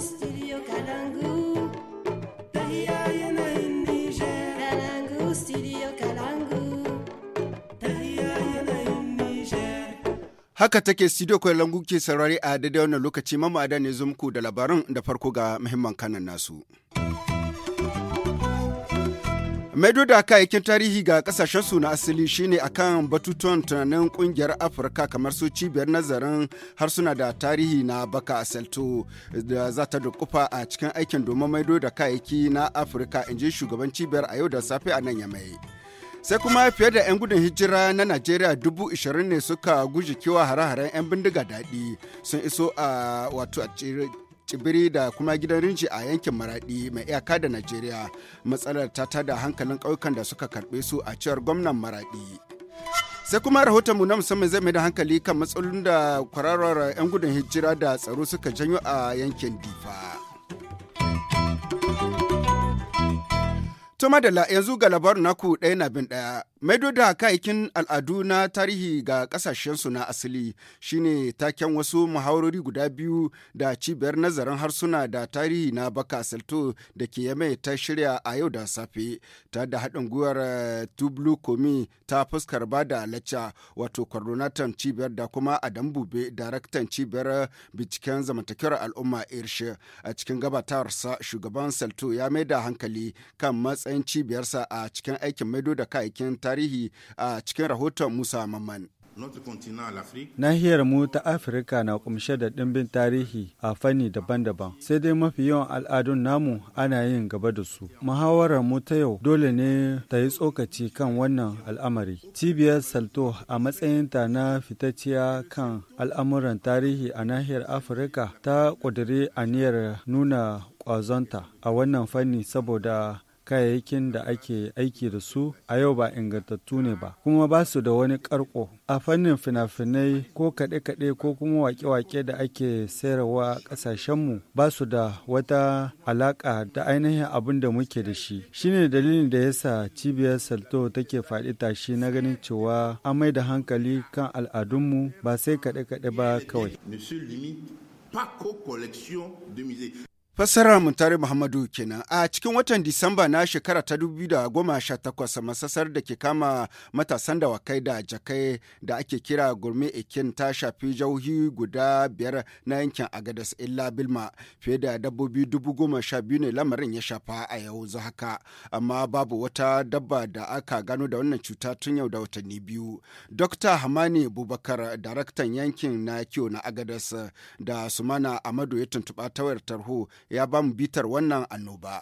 studio Haka take studio Kalangu ke sarari a daidai wannan lokaci mama ne zo muku da labarin da farko ga muhimman kanan nasu. maido da yakin tarihi ga kasashen su na asali shine akan batutuwan tunanin kungiyar afirka kamar su cibiyar nazarin harsuna da tarihi na baka asalto da za ta dukufa a cikin aikin domin maido da kayayyaki na afirka in ji shugaban cibiyar a yau da safe a nan yamai sai kuma fiye da 'yan gudun hijira na najeriya dubu ishirin ne suka guji kewa hare-haren 'yan bindiga daɗi sun iso a wato a tsibiri da kuma gidan rinji a yankin maradi mai iyaka da najeriya matsalar ta tada hankalin ƙauyukan da suka karɓe su a cewar gwamnan maradi sai kuma rahoton mu na musamman zai mai da hankali kan matsalolin da kwararar 'yan gudun hijira da tsaro suka janyo a yankin difa to madalla yanzu ga labarin naku ɗaya na bin ɗaya Maido da kayakin al'adu na tarihi ga kasashensu na asali shine taken wasu muhawarori guda biyu da cibiyar nazarin harsuna da tarihi na Baka Salto da ke yame ta shirya a yau da safe ta da haɗin gwiwar eh, Tublu Komi ta fuskar ba da lacca wato coordinator cibiyar da kuma Adam Bube daraktan cibiyar eh, binciken zamantakewar al'umma Irshe a cikin gabatarsa shugaban Salto ya mai da hankali kan matsayin cibiyarsa a cikin aikin maido da kayakin tarihi tarihi a cikin rahoton Musa Mamman. Nahiyar mu ta Afirka na kumshe da ɗimbin tarihi a fanni daban-daban, sai dai mafi yawan al'adun namu ana yin gaba da su. Muhawarar mu ta yau dole ne ta yi tsokaci kan wannan al'amari. Cibiyar Salto a matsayinta na fitacciya kan al'amuran tarihi a nahiyar Afirka ta ƙudiri aniyar nuna ƙwazonta a wannan fanni saboda kayayyakin da ake aiki da su a yau ba ingantattu ne ba kuma ba su da wani karko a fannin fina-finai ko kaɗe-kaɗe ko kuma wake-wake da ake sayarwa ƙasashenmu ba su da wata alaƙa da ainihin abin da muke da shi shine dalilin da yasa cibiyar salto take faɗi tashi na ganin cewa an mai da hankali kan al'adunmu ba sai kaɗe-kaɗe ba kawai Fassara Muntari Muhammadu kenan a cikin watan Disamba na shekara ta 2018 masasar da ke kama matasan dawakai da jakai da ake kira gurme ikin ta shafi jauhi guda biyar na yankin Agadas illa Bilma fiye da dabbobi dubu sha biyu ne lamarin ya shafa a yau za haka amma babu wata dabba da aka gano da wannan cuta tun yau da watanni biyu. Dr. Hamani Bubakar daraktan yankin na kiwo na Agadas da Sumana Amadu ya tuntuɓa tawayar tarho ya mu bitar wannan annoba.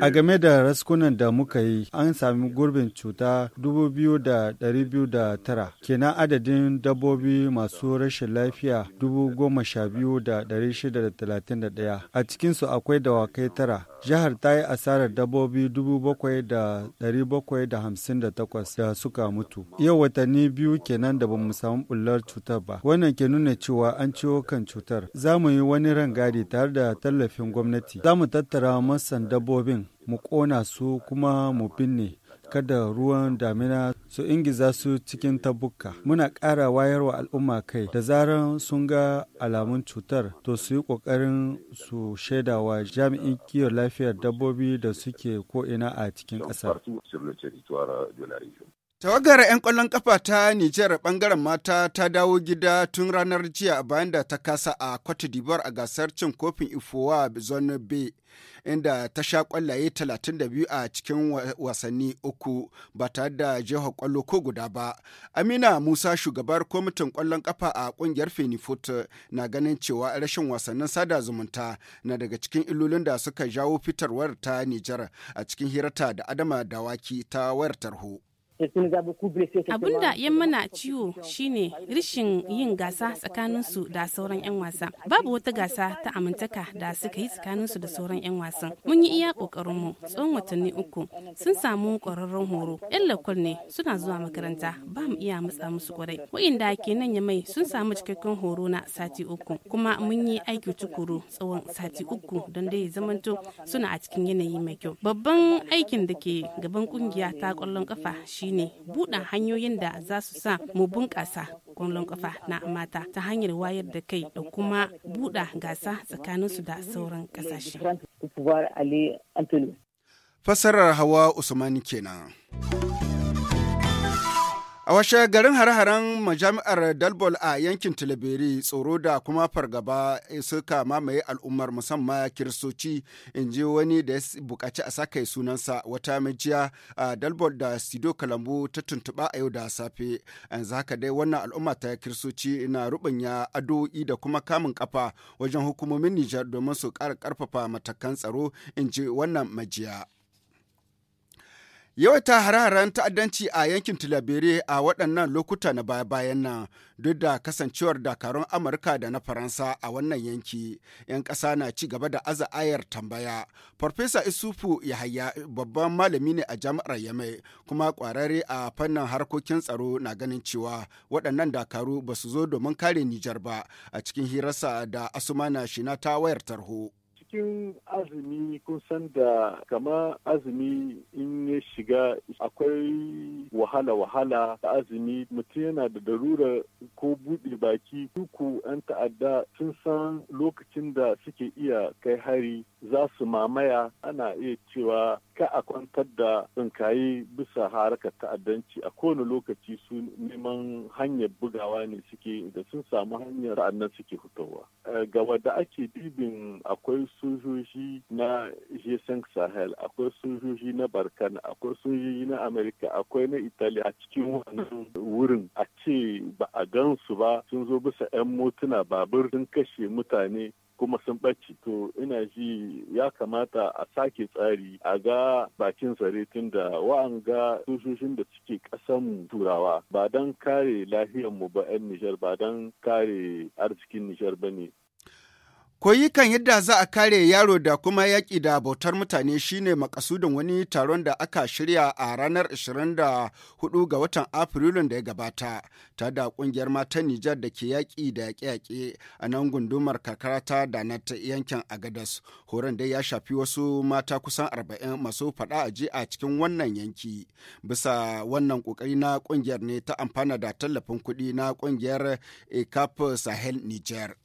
A game da raskunan da muka yi, an sami gurbin cuta 2,209, kenan adadin dabbobi masu rashin lafiya 12,631. A cikinsu akwai dawakai tara. Jihar ta yi asarar dabbobi 7,758 da suka mutu. Yau watanni biyu kenan da ba mu samu bullar cutar ba. Wannan ke nuna cewa an ciwo kan cutar. Za mu yi wani rangadi tare da tallafin gwamnati. Za mu tattara masan dabbobin mu ƙona su kuma mu binne kada ruwan damina su ingiza su cikin tabbuka muna ƙara wayarwa al'umma kai da zaran sun ga alamun cutar to su yi ƙoƙarin su shaidawa jami'in kiwon lafiyar dabbobi da suke ko'ina a cikin ƙasar Tawagar 'yan ƙwallon ƙafa ta Nijar ɓangaren mata ta dawo gida tun ranar jiya bayan da ta kasa a Cote d'Ivoire a gasar cin kofin Ifowa Zone B inda ta sha ƙwallaye 32 a cikin wasanni uku ba tare da jihar ƙwallo ko guda ba. Amina Musa shugabar kwamitin ƙwallon ƙafa a ƙungiyar Fenifut na ganin cewa rashin wasannin sada zumunta na daga cikin illolin da suka jawo fitarwar ta Nijar a cikin hirata da Adama Dawaki ta wayar tarho. abun da yan mana ciwo shine rishin yin gasa tsakaninsu da sauran 'yan wasa babu wata gasa ta amintaka da suka yi tsakaninsu da sauran 'yan wasan mun yi iya mu tsawon watanni uku sun samu ƙwararren horo 'yan lakul ne suna zuwa makaranta ba mu iya matsa musu kwarai wa'inda ke nan ya mai sun samu cikakken horo na sati uku kuma mun yi aiki tukuru tsawon sati uku don dai zamanto suna a cikin yanayi mai kyau babban aikin da ke gaban kungiya ta ƙwallon ƙafa shi shine buɗe hanyoyin da za su sa mu bunƙasa ƙwallon ƙafa na mata ta hanyar wayar da kai da kuma buɗe gasa tsakaninsu da sauran ƙasashe. fasarar Hawa usman kenan. A washe garin hare-haren majami'ar Dalbol a yankin Tilibiri tsoro da kuma fargaba suka mamaye al'ummar musamman kiristoci in ji wani da ya bukaci a saka sunansa wata majiya a Dalbol da Sido Kalambu ta tuntuba a yau da safe. Yanzu haka dai wannan al'umma ta kiristoci na rubanya addu'o'i da kuma kamun kafa wajen hukumomin Nijar domin su ƙara ƙarfafa matakan tsaro in ji wannan majiya. Yawaita hare-haren ta'addanci a yankin Tilabere a waɗannan lokuta na baya-bayan nan duk da kasancewar dakarun Amurka da na Faransa a wannan yanki, 'yan ƙasa na ci gaba da aza ayar tambaya. Farfesa Isufu Yahaya babban malami ne a jami'ar Yamai kuma ƙwararre a fannin harkokin tsaro na ganin cewa waɗannan dakaru ba su zo domin kare Nijar ba a cikin hirarsa da Asumana Shina ta wayar tarho. cikin azumi kun san da kama azumi in ya shiga akwai wahala-wahala ta azumi mutum yana da darura ko buɗe baki duku 'yan ta'adda sun san lokacin da suke iya kai hari za su mamaya ana iya cewa ka a kwantar da tsinkaye bisa haraka ta'addanci a kowane lokaci su neman hanyar bugawa ne suke da sun samu hanyar annan suke fitowa eh, ga wadda ake dibin akwai su sojoji na g sahel akwai sojoji na barkan akwai sojoji na amerika akwai na italiya a cikin wannan wurin a ce ba a gan su ba sun zo bisa 'yan motuna babur sun kashe mutane kuma sun ɓaci to ina ji ya kamata a sake tsari a ga bakin tsare tun da wa'anga sojojin da suke ƙasan turawa ba don kare lafiyarmu ba 'yan nijar ba don kare arzikin nijar ba ne Koyikan yadda za a kare yaro da kuma yaƙi da bautar mutane shine makasudin wani taron da aka shirya a ranar 24 ga watan Afrilun da ya gabata, ta da ƙungiyar matan Nijar da ke yaƙi da yaƙe-yaƙe a nan gundumar karkara da na yankin Agadas. Horon dai ya shafi wasu mata kusan 40 masu faɗa a ji a cikin wannan yanki. Bisa wannan ƙoƙari na ƙungiyar ne ta amfana da tallafin kuɗi na ƙungiyar ECAP Sahel Nijar.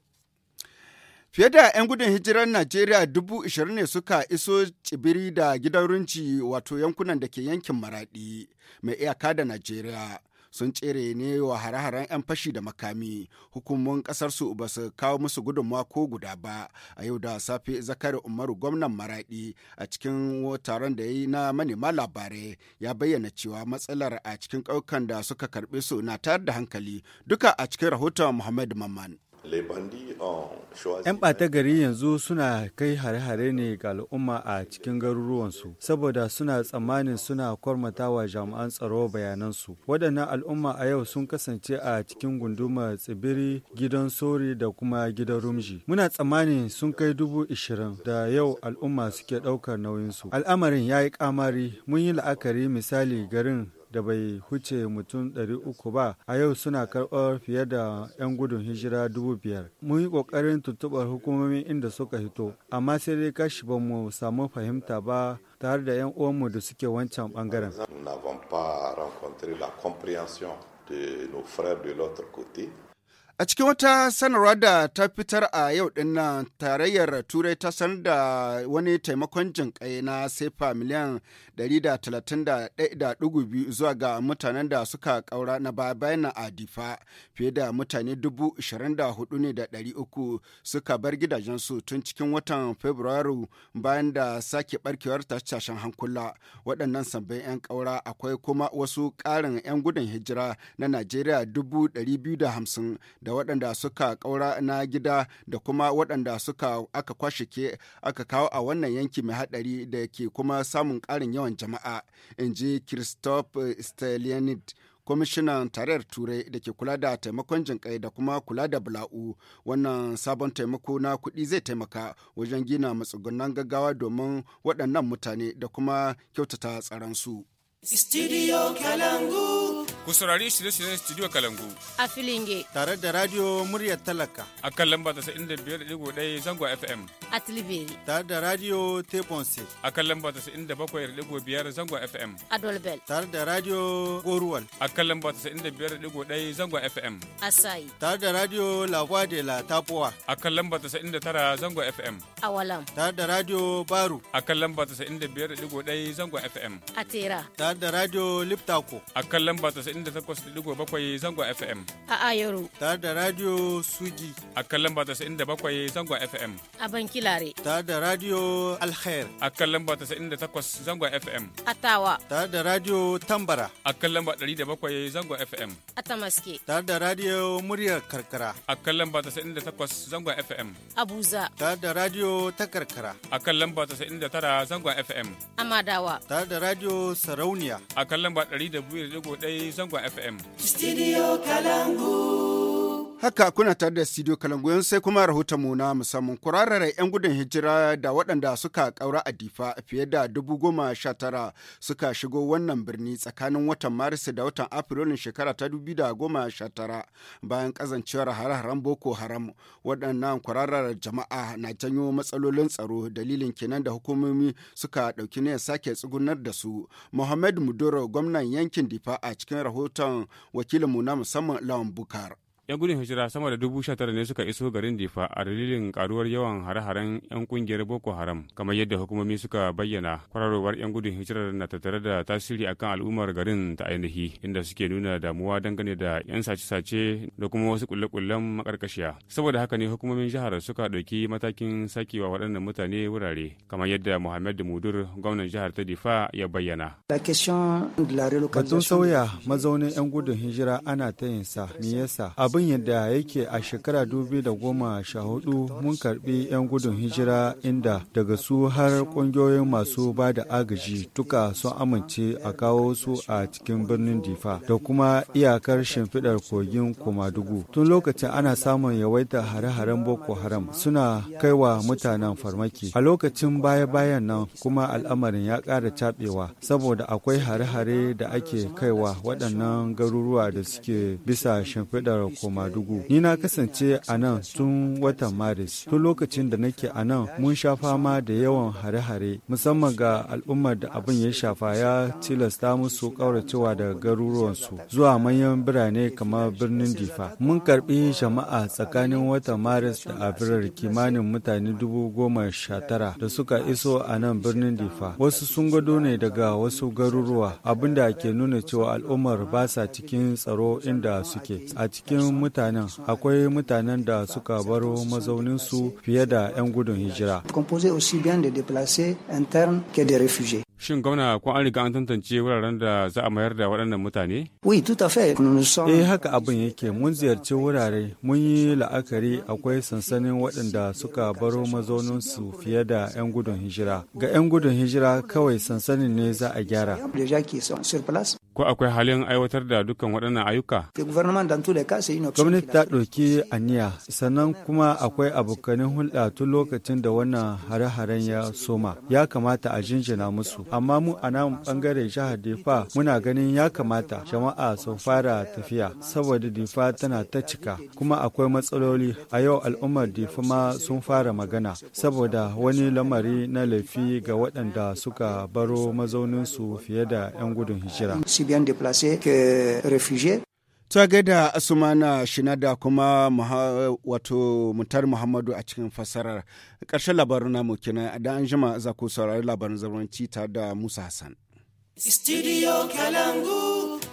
Fiye da 'yan gudun hijirar Najeriya dubu ishirin ne suka iso tsibiri da gidan runci wato yankunan da ke yankin Maraɗi mai iyaka da Najeriya. Sun tsere ne wa hare-haren 'yan fashi da makami, hukumomin ƙasarsu ba su kawo musu gudunmawa ko guda ba. A yau da safe Zakari Umaru gwamnan Maraɗi a cikin taron da ya yi na manema labarai ya bayyana cewa matsalar a cikin kaukan da suka karɓe su na tayar da hankali duka a cikin rahoton Muhammad Mamman. 'Yan ɓata gari yanzu suna kai hare-hare ne ga al'umma a cikin garuruwansu, saboda suna tsammanin suna kwarmata wa jami'an tsaro bayanansu. Waɗannan al'umma a yau sun kasance a cikin gundumar tsibiri, gidan sori da kuma gidan rumji. Muna tsammanin sun kai dubu ishirin da yau al'umma suke ɗaukar nauyinsu. Al'amarin ya yi ƙamari, mun yi la'akari misali garin da bai huce mutum 300 ba a yau suna karɓar fiye da 'yan gudun hijira 5,000. Mun yi ƙoƙarin tuntuɓar hukumomi inda suka hito, amma sai dai kashi ba mu samu fahimta ba tare da 'yan uwanmu da suke wancan ɓangaren. de nos frères de l'autre côté A cikin wata sanarwa da ta fitar a yau din tarayyar Turai ta sanar da wani taimakon jinƙai na sefa miliyan 131.2 zuwa ga mutanen da suka kaura na bayan na adifa fiye da mutane 24,300 suka bar gidajensu tun cikin watan Fabrairu bayan da sake barkewar tashashen hankula waɗannan sabbin 'yan kaura akwai kuma wasu ƙarin 'yan gudun hijira na Najeriya 250 da da waɗanda suka ƙaura na gida da kuma waɗanda suka aka kwashe ke aka kawo a wannan yanki mai haɗari da ke kuma samun ƙarin yawan jama'a in ji christophe stelianid kwamishinan tarayyar turai da ke kula da taimakon jinƙai da kuma kula da bula'u wannan sabon taimako na kuɗi zai taimaka wajen gina matsugunan gaggawa domin waɗannan mutane da kuma kyautata tsaransu. Studio Kalangu. Ku saurari shirye-shiryen Studio Kalangu. A Filinge. Tare da Radio Muryar Talaka. A kan lamba ɗaya zango FM. A Tilibiri. Tare da Radio Tebonse. A kan lamba biyar zango FM. A Dolbel. Tare da Radio Goruwal. A kan lamba ɗaya zango FM. A Sai. Tare da Radio Lagwa de la Tapuwa. A kan lamba tara zango FM. A Walam. Tare da Radio Baru. A kan lamba ɗaya zango FM. A Tera. Tare da Radio Liptako. A kan lamba 97.7 zangon FM. A Ayoro. Tare da Radio Sugi. A kan lamba 97 zangon FM. A Bankilare. Tare da Radio Alkhair. A kan lamba 98 zangon FM. A Tawa. Tare da Radio Tambara. A kan lamba 107 zangon FM. A Tamaske. Tare da Radio Muryar Karkara. A kan lamba 98 zangon FM. A Buza. Tare da Radio takarkara. A kan lamba 99 zangon FM. A Madawa. Tare da Radio Sarauniya. A kan lamba 102.1 zangon FM. Studio Kalangu. Haka kuna tare da studio Kalangoyon sai kuma rahoton mu na musamman kurarara 'yan gudun hijira da waɗanda suka ƙaura a difa fiye da dubu goma sha tara suka shigo wannan birni tsakanin watan Maris da watan Afrilun shekara ta dubu da goma sha tara bayan kazancewar hare-haren Boko Haram waɗannan kwararar jama'a na janyo matsalolin tsaro dalilin kenan da hukumomi suka ɗauki ne sake tsugunar da su. Muhammad Mudoro gwamnan yankin difa a cikin rahoton wakilinmu na musamman Lawan Bukar. 'Yan gudun hijira sama da dubu sha tara ne suka iso garin Difa a dalilin karuwar yawan hare-haren 'yan kungiyar Boko Haram. Kamar yadda hukumomi suka bayyana, kwararowar 'yan gudun hijirar na tattare da tasiri akan al'ummar garin ta ainihi, inda suke nuna damuwa dangane da 'yan sace-sace da kuma wasu kulle-kullen makarkashiya. Saboda haka ne hukumomin jihar suka ɗauki matakin sakewa waɗannan mutane wurare, kamar yadda Muhammad Mudur, gwamnan jihar ta Difa, ya bayyana. Batun sauya mazaunin 'yan gudun hijira ana ta yin sa me yasa? abin yadda yake a shekara goma sha hudu mun karbi 'yan gudun hijira inda daga su har kungiyoyin masu ba da agaji tuka sun amince a kawo su a cikin birnin difa da kuma iyakar shimfidar kogin kumadugu tun lokacin ana samun yawaita hare-haren boko haram suna kaiwa mutanen farmaki a lokacin baya-bayan nan kuma al'amarin ya ƙara caɓewa saboda akwai hare-hare da ake kaiwa waɗannan garuruwa da suke bisa shimfidar Koma dugu. Ni na kasance a nan tun watan Maris. Tun lokacin da nake a nan mun sha fama da yawan hare-hare musamman ga al'ummar da abin ya shafa ya tilasta musu kauracewa daga garuruwansu zuwa manyan birane kamar birnin Difa. Mun karbi jama'a tsakanin watan Maris da Abirar kimanin mutane dubu goma sha tara da suka iso a nan birnin Difa. Wasu sun gado ne daga wasu garuruwa abinda ke nuna cewa al'ummar ba sa cikin tsaro inda suke. A cikin cikin mutanen akwai mutanen da suka baro mazauninsu fiye da 'yan gudun hijira. Shin gwamna ko an riga an tantance wuraren da za a mayar da waɗannan mutane? Eh haka abin yake mun ziyarci wurare mun yi la'akari akwai sansanin waɗanda suka baro mazauninsu fiye da 'yan gudun hijira. Ga 'yan gudun hijira kawai sansanin ne za a gyara. ko akwai halin aiwatar da dukkan waɗannan ayyuka? Gwamnati ta ɗauki aniya sannan kuma akwai abokanin hulɗa tun lokacin da wannan hare-haren ya soma. Ya kamata a jinjina musu. Amma mu a nan ɓangaren jihar Difa muna ganin ya kamata jama'a sun fara tafiya saboda Difa tana ta cika kuma akwai matsaloli a yau al'ummar Difa ma sun fara magana saboda wani lamari na laifi ga waɗanda suka baro mazauninsu fiye da 'yan gudun hijira. bien déplacé que réfugié. ta gaida asumana shinada kuma wato mutar muhammadu a cikin fasarar ƙarshen labarin namu kenan da an jima za ku saurari labarin zamanci ta da musa hassan studio kalangu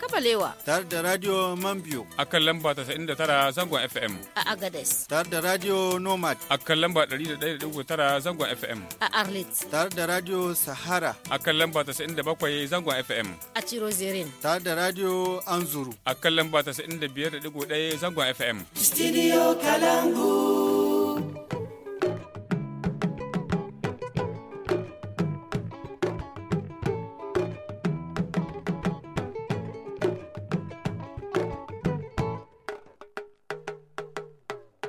Kabalewa. Tare da Radio Mambio. A kan lamba tara zangon FM. A Agades. Tare da Radio Nomad. A kan lamba tara zangon FM. A Arlit. Tare da Radio Sahara. A kan lamba 97 zangon FM. A zirin. Tare da Radio Anzuru. A kan lamba 95.1 zangon FM. Studio Kalangu.